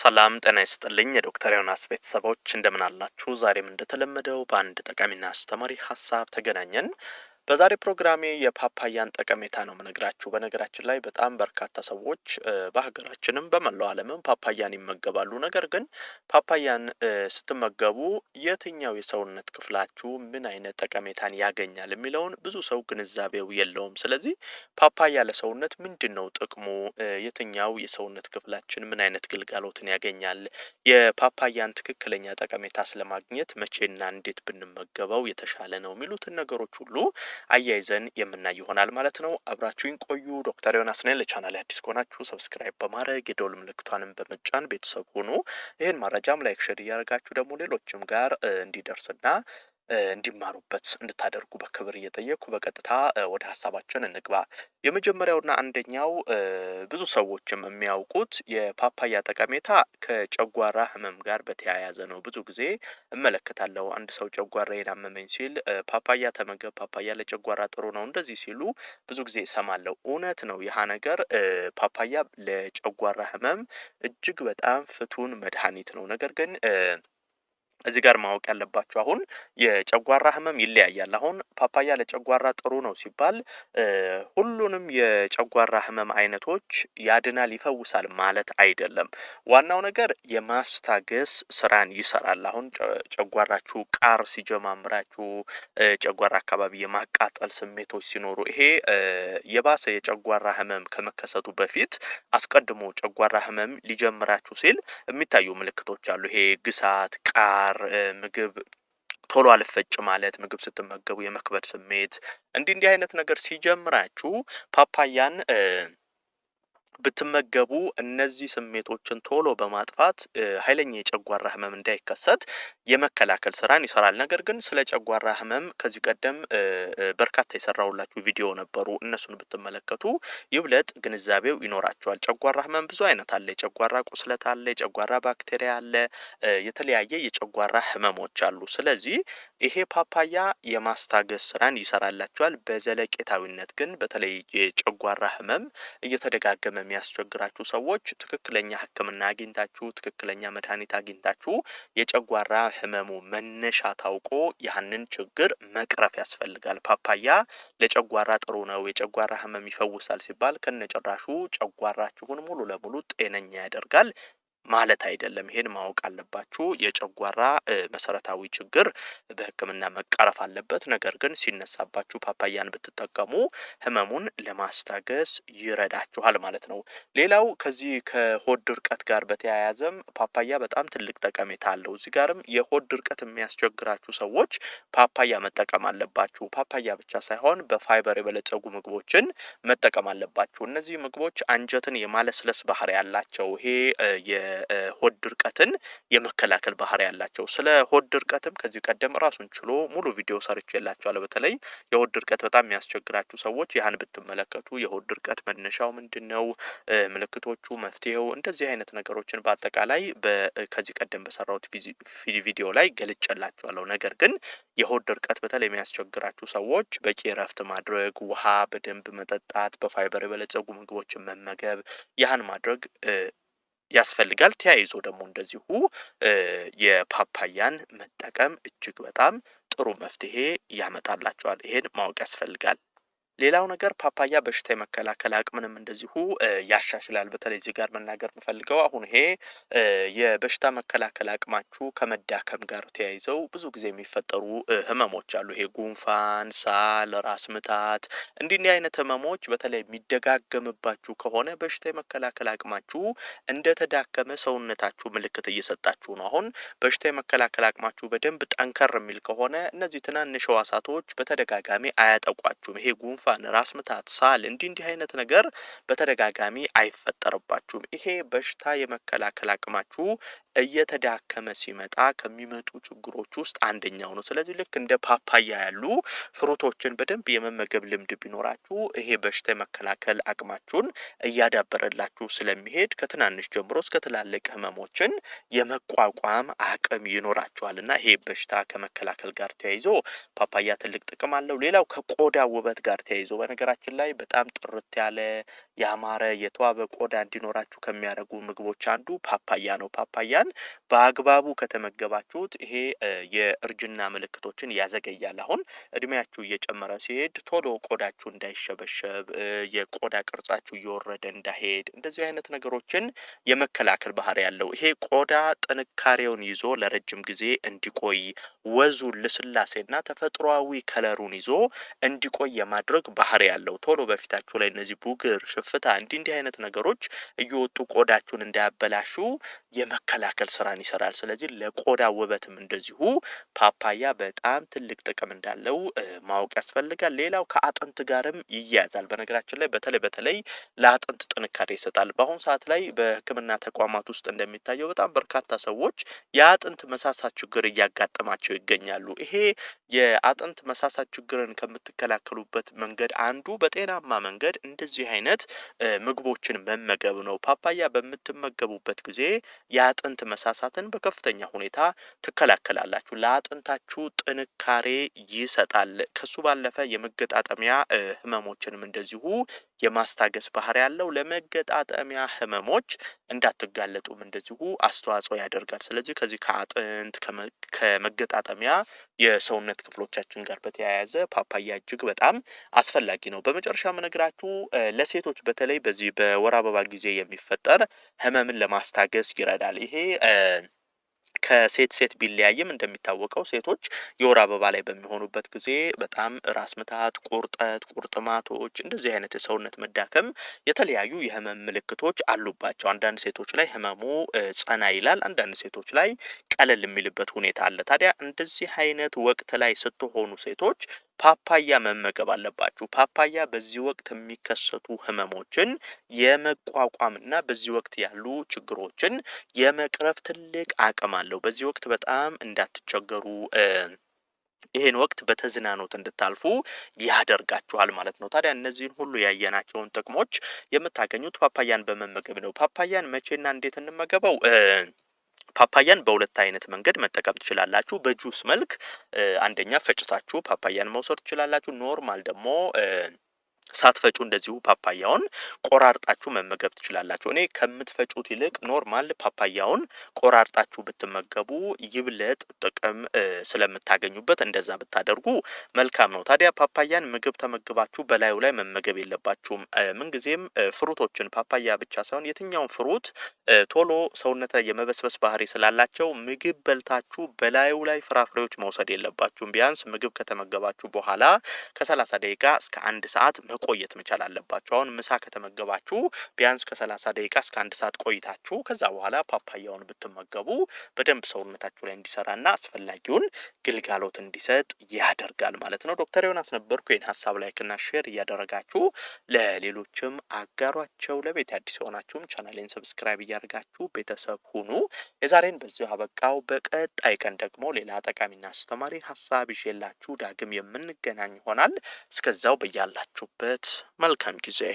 ሰላም ጤና ይስጥልኝ የዶክተር ዮናስ ቤተሰቦች እንደምን አላችሁ? ዛሬም እንደተለመደው በአንድ ጠቃሚና አስተማሪ ሀሳብ ተገናኘን። በዛሬ ፕሮግራሜ የፓፓያን ጠቀሜታ ነው ምነግራችሁ። በነገራችን ላይ በጣም በርካታ ሰዎች በሀገራችንም በመላው ዓለምም ፓፓያን ይመገባሉ። ነገር ግን ፓፓያን ስትመገቡ የትኛው የሰውነት ክፍላችሁ ምን አይነት ጠቀሜታን ያገኛል የሚለውን ብዙ ሰው ግንዛቤው የለውም። ስለዚህ ፓፓያ ለሰውነት ምንድን ነው ጥቅሙ? የትኛው የሰውነት ክፍላችን ምን አይነት ግልጋሎትን ያገኛል? የፓፓያን ትክክለኛ ጠቀሜታ ስለማግኘት መቼና እንዴት ብንመገበው የተሻለ ነው የሚሉትን ነገሮች ሁሉ አያይዘን የምናይ ይሆናል ማለት ነው። አብራችሁን ቆዩ። ዶክተር ዮናስ ነኝ። ለቻናል አዲስ ከሆናችሁ ሰብስክራይብ በማድረግ የደውል ምልክቷንም በመጫን ቤተሰብ ሁኑ። ይህን መረጃም ላይክ፣ ሼር እያደረጋችሁ ደግሞ ሌሎችም ጋር እንዲደርስና እንዲማሩበት እንድታደርጉ በክብር እየጠየቅኩ በቀጥታ ወደ ሀሳባችን እንግባ። የመጀመሪያውና አንደኛው ብዙ ሰዎችም የሚያውቁት የፓፓያ ጠቀሜታ ከጨጓራ ሕመም ጋር በተያያዘ ነው። ብዙ ጊዜ እመለከታለሁ አንድ ሰው ጨጓራ የናመመኝ ሲል ፓፓያ ተመገብ፣ ፓፓያ ለጨጓራ ጥሩ ነው እንደዚህ ሲሉ ብዙ ጊዜ እሰማለሁ። እውነት ነው ይህ ነገር። ፓፓያ ለጨጓራ ሕመም እጅግ በጣም ፍቱን መድኃኒት ነው። ነገር ግን እዚህ ጋር ማወቅ ያለባችሁ አሁን የጨጓራ ህመም ይለያያል። አሁን ፓፓያ ለጨጓራ ጥሩ ነው ሲባል ሁሉንም የጨጓራ ህመም አይነቶች ያድናል፣ ይፈውሳል ማለት አይደለም። ዋናው ነገር የማስታገስ ስራን ይሰራል። አሁን ጨጓራችሁ ቃር ሲጀማምራችሁ፣ ጨጓራ አካባቢ የማቃጠል ስሜቶች ሲኖሩ ይሄ የባሰ የጨጓራ ህመም ከመከሰቱ በፊት አስቀድሞ ጨጓራ ህመም ሊጀምራችሁ ሲል የሚታዩ ምልክቶች አሉ። ይሄ ግሳት፣ ቃር ጋር ምግብ ቶሎ አልፈጭ ማለት ምግብ ስትመገቡ የመክበድ ስሜት እንዲህ እንዲህ አይነት ነገር ሲጀምራችሁ ፓፓያን ብትመገቡ እነዚህ ስሜቶችን ቶሎ በማጥፋት ኃይለኛ የጨጓራ ህመም እንዳይከሰት የመከላከል ስራን ይሰራል። ነገር ግን ስለ ጨጓራ ህመም ከዚህ ቀደም በርካታ የሰራውላችሁ ቪዲዮ ነበሩ። እነሱን ብትመለከቱ ይብለጥ ግንዛቤው ይኖራቸዋል። ጨጓራ ህመም ብዙ አይነት አለ። የጨጓራ ቁስለት አለ፣ የጨጓራ ባክቴሪያ አለ፣ የተለያየ የጨጓራ ህመሞች አሉ። ስለዚህ ይሄ ፓፓያ የማስታገስ ስራን ይሰራላቸዋል። በዘለቄታዊነት ግን በተለይ የጨጓራ ህመም እየተደጋገመ የሚያስቸግራችሁ ሰዎች ትክክለኛ ሕክምና አግኝታችሁ ትክክለኛ መድኃኒት አግኝታችሁ የጨጓራ ህመሙ መነሻ ታውቆ ያንን ችግር መቅረፍ ያስፈልጋል። ፓፓያ ለጨጓራ ጥሩ ነው፣ የጨጓራ ህመም ይፈውሳል ሲባል ከነጭራሹ ጨጓራችሁን ሙሉ ለሙሉ ጤነኛ ያደርጋል። ማለት አይደለም። ይሄን ማወቅ አለባችሁ። የጨጓራ መሰረታዊ ችግር በሕክምና መቀረፍ አለበት። ነገር ግን ሲነሳባችሁ ፓፓያን ብትጠቀሙ ህመሙን ለማስታገስ ይረዳችኋል ማለት ነው። ሌላው ከዚህ ከሆድ ድርቀት ጋር በተያያዘም ፓፓያ በጣም ትልቅ ጠቀሜታ አለው። እዚህ ጋርም የሆድ ድርቀት የሚያስቸግራችሁ ሰዎች ፓፓያ መጠቀም አለባችሁ። ፓፓያ ብቻ ሳይሆን በፋይበር የበለጸጉ ምግቦችን መጠቀም አለባችሁ። እነዚህ ምግቦች አንጀትን የማለስለስ ባህሪ ያላቸው ይሄ የሆድ ድርቀትን የመከላከል ባህሪ ያላቸው። ስለ ሆድ ድርቀትም ከዚህ ቀደም ራሱን ችሎ ሙሉ ቪዲዮ ሰርቼላችኋለሁ። በተለይ የሆድ ድርቀት በጣም የሚያስቸግራችሁ ሰዎች ያህን ብትመለከቱ፣ የሆድ ድርቀት መነሻው ምንድን ነው፣ ምልክቶቹ፣ መፍትሄው፣ እንደዚህ አይነት ነገሮችን በአጠቃላይ ከዚህ ቀደም በሰራሁት ቪዲዮ ላይ ገልጨላቸዋለሁ ነገር ግን የሆድ ድርቀት በተለይ የሚያስቸግራችሁ ሰዎች በቂ እረፍት ማድረግ፣ ውሃ በደንብ መጠጣት፣ በፋይበር የበለጸጉ ምግቦችን መመገብ ያህን ማድረግ ያስፈልጋል። ተያይዞ ደግሞ እንደዚሁ የፓፓያን መጠቀም እጅግ በጣም ጥሩ መፍትሄ ያመጣላቸዋል። ይሄን ማወቅ ያስፈልጋል። ሌላው ነገር ፓፓያ በሽታ የመከላከል አቅምንም እንደዚሁ ያሻሽላል። በተለይ እዚህ ጋር መናገር የምፈልገው አሁን ይሄ የበሽታ መከላከል አቅማችሁ ከመዳከም ጋር ተያይዘው ብዙ ጊዜ የሚፈጠሩ ህመሞች አሉ። ይሄ ጉንፋን፣ ሳል፣ ራስ ምታት እንዲህ አይነት ህመሞች በተለይ የሚደጋገምባችሁ ከሆነ በሽታ የመከላከል አቅማችሁ እንደተዳከመ ሰውነታችሁ ምልክት እየሰጣችሁ ነው። አሁን በሽታ የመከላከል አቅማችሁ በደንብ ጠንከር የሚል ከሆነ እነዚህ ትናንሽ ህዋሳቶች በተደጋጋሚ አያጠቋችሁም። ይሄ ጉንፋን ጉንፋን፣ ራስ ምታት፣ ሳል እንዲህ እንዲህ አይነት ነገር በተደጋጋሚ አይፈጠርባችሁም። ይሄ በሽታ የመከላከል አቅማችሁ እየተዳከመ ሲመጣ ከሚመጡ ችግሮች ውስጥ አንደኛው ነው። ስለዚህ ልክ እንደ ፓፓያ ያሉ ፍሩቶችን በደንብ የመመገብ ልምድ ቢኖራችሁ ይሄ በሽታ የመከላከል አቅማችሁን እያዳበረላችሁ ስለሚሄድ ከትናንሽ ጀምሮ እስከ ትላልቅ ህመሞችን የመቋቋም አቅም ይኖራችኋል እና ይሄ በሽታ ከመከላከል ጋር ተያይዞ ፓፓያ ትልቅ ጥቅም አለው። ሌላው ከቆዳ ውበት ጋር ተያይዞ በነገራችን ላይ በጣም ጥርት ያለ ያማረ የተዋበ ቆዳ እንዲኖራችሁ ከሚያደርጉ ምግቦች አንዱ ፓፓያ ነው። ፓፓያ ቀን በአግባቡ ከተመገባችሁት ይሄ የእርጅና ምልክቶችን ያዘገያል። አሁን እድሜያችሁ እየጨመረ ሲሄድ ቶሎ ቆዳችሁ እንዳይሸበሸብ፣ የቆዳ ቅርጻችሁ እየወረደ እንዳይሄድ እንደዚህ አይነት ነገሮችን የመከላከል ባህሪ ያለው ይሄ ቆዳ ጥንካሬውን ይዞ ለረጅም ጊዜ እንዲቆይ ወዙን፣ ልስላሴና ተፈጥሯዊ ከለሩን ይዞ እንዲቆይ የማድረግ ባህሪ ያለው ቶሎ በፊታችሁ ላይ እነዚህ ቡግር፣ ሽፍታ እንዲህ እንዲህ አይነት ነገሮች እየወጡ ቆዳችሁን እንዳያበላሹ የመከላከል የማስተካከል ስራን ይሰራል። ስለዚህ ለቆዳ ውበትም እንደዚሁ ፓፓያ በጣም ትልቅ ጥቅም እንዳለው ማወቅ ያስፈልጋል። ሌላው ከአጥንት ጋርም ይያያዛል። በነገራችን ላይ በተለይ በተለይ ለአጥንት ጥንካሬ ይሰጣል። በአሁኑ ሰዓት ላይ በሕክምና ተቋማት ውስጥ እንደሚታየው በጣም በርካታ ሰዎች የአጥንት መሳሳት ችግር እያጋጠማቸው ይገኛሉ። ይሄ የአጥንት መሳሳት ችግርን ከምትከላከሉበት መንገድ አንዱ በጤናማ መንገድ እንደዚህ አይነት ምግቦችን መመገብ ነው። ፓፓያ በምትመገቡበት ጊዜ የአጥንት መሳሳትን በከፍተኛ ሁኔታ ትከላከላላችሁ። ለአጥንታችሁ ጥንካሬ ይሰጣል። ከሱ ባለፈ የመገጣጠሚያ ህመሞችንም እንደዚሁ የማስታገስ ባህሪ ያለው ለመገጣጠሚያ ህመሞች እንዳትጋለጡም እንደዚሁ አስተዋጽኦ ያደርጋል። ስለዚህ ከዚህ ከአጥንት ከመገጣጠሚያ የሰውነት ክፍሎቻችን ጋር በተያያዘ ፓፓያ እጅግ በጣም አስፈላጊ ነው። በመጨረሻ መነግራችሁ ለሴቶች በተለይ በዚህ በወር አበባ ጊዜ የሚፈጠር ህመምን ለማስታገስ ይረዳል። ይሄ ከሴት ሴት ቢለያይም እንደሚታወቀው ሴቶች የወር አበባ ላይ በሚሆኑበት ጊዜ በጣም ራስ ምታት፣ ቁርጠት፣ ቁርጥማቶች እንደዚህ አይነት የሰውነት መዳከም የተለያዩ የህመም ምልክቶች አሉባቸው። አንዳንድ ሴቶች ላይ ህመሙ ጸና ይላል፣ አንዳንድ ሴቶች ላይ ቀለል የሚልበት ሁኔታ አለ። ታዲያ እንደዚህ አይነት ወቅት ላይ ስትሆኑ ሴቶች ፓፓያ መመገብ አለባችሁ። ፓፓያ በዚህ ወቅት የሚከሰቱ ህመሞችን የመቋቋምና በዚህ ወቅት ያሉ ችግሮችን የመቅረፍ ትልቅ አቅም አለው። በዚህ ወቅት በጣም እንዳትቸገሩ ይህን ወቅት በተዝናኖት እንድታልፉ ያደርጋችኋል ማለት ነው። ታዲያ እነዚህን ሁሉ ያየናቸውን ጥቅሞች የምታገኙት ፓፓያን በመመገብ ነው። ፓፓያን መቼና እንዴት እንመገበው? ፓፓያን በሁለት አይነት መንገድ መጠቀም ትችላላችሁ። በጁስ መልክ አንደኛ ፈጭታችሁ ፓፓያን መውሰድ ትችላላችሁ። ኖርማል ደግሞ ሳትፈጩ እንደዚሁ ፓፓያውን ቆራርጣችሁ መመገብ ትችላላችሁ። እኔ ከምትፈጩት ይልቅ ኖርማል ፓፓያውን ቆራርጣችሁ ብትመገቡ ይብለጥ ጥቅም ስለምታገኙበት እንደዛ ብታደርጉ መልካም ነው። ታዲያ ፓፓያን ምግብ ተመግባችሁ በላዩ ላይ መመገብ የለባችሁም። ምንጊዜም ፍሩቶችን ፓፓያ ብቻ ሳይሆን የትኛውን ፍሩት ቶሎ ሰውነት ላይ የመበስበስ ባህሪ ስላላቸው ምግብ በልታችሁ በላዩ ላይ ፍራፍሬዎች መውሰድ የለባችሁም። ቢያንስ ምግብ ከተመገባችሁ በኋላ ከሰላሳ ደቂቃ እስከ አንድ ሰዓት መቆየት መቻል አለባችሁ። አሁን ምሳ ከተመገባችሁ ቢያንስ ከሰላሳ ደቂቃ እስከ አንድ ሰዓት ቆይታችሁ ከዛ በኋላ ፓፓያውን ብትመገቡ በደንብ ሰውነታችሁ ላይ እንዲሰራና አስፈላጊውን ግልጋሎት እንዲሰጥ ያደርጋል ማለት ነው። ዶክተር ዮናስ ነበርኩ። ይህን ሀሳብ ላይክና ሼር እያደረጋችሁ ለሌሎችም አጋሯቸው። ለቤት አዲስ የሆናችሁም ቻናሌን ሰብስክራይብ እያደርጋችሁ ቤተሰብ ሁኑ። የዛሬን በዚሁ አበቃው። በቀጣይ ቀን ደግሞ ሌላ ጠቃሚና አስተማሪ ሀሳብ ይዤላችሁ ዳግም የምንገናኝ ይሆናል። እስከዛው በያላችሁበት በያላችሁበት መልካም ጊዜ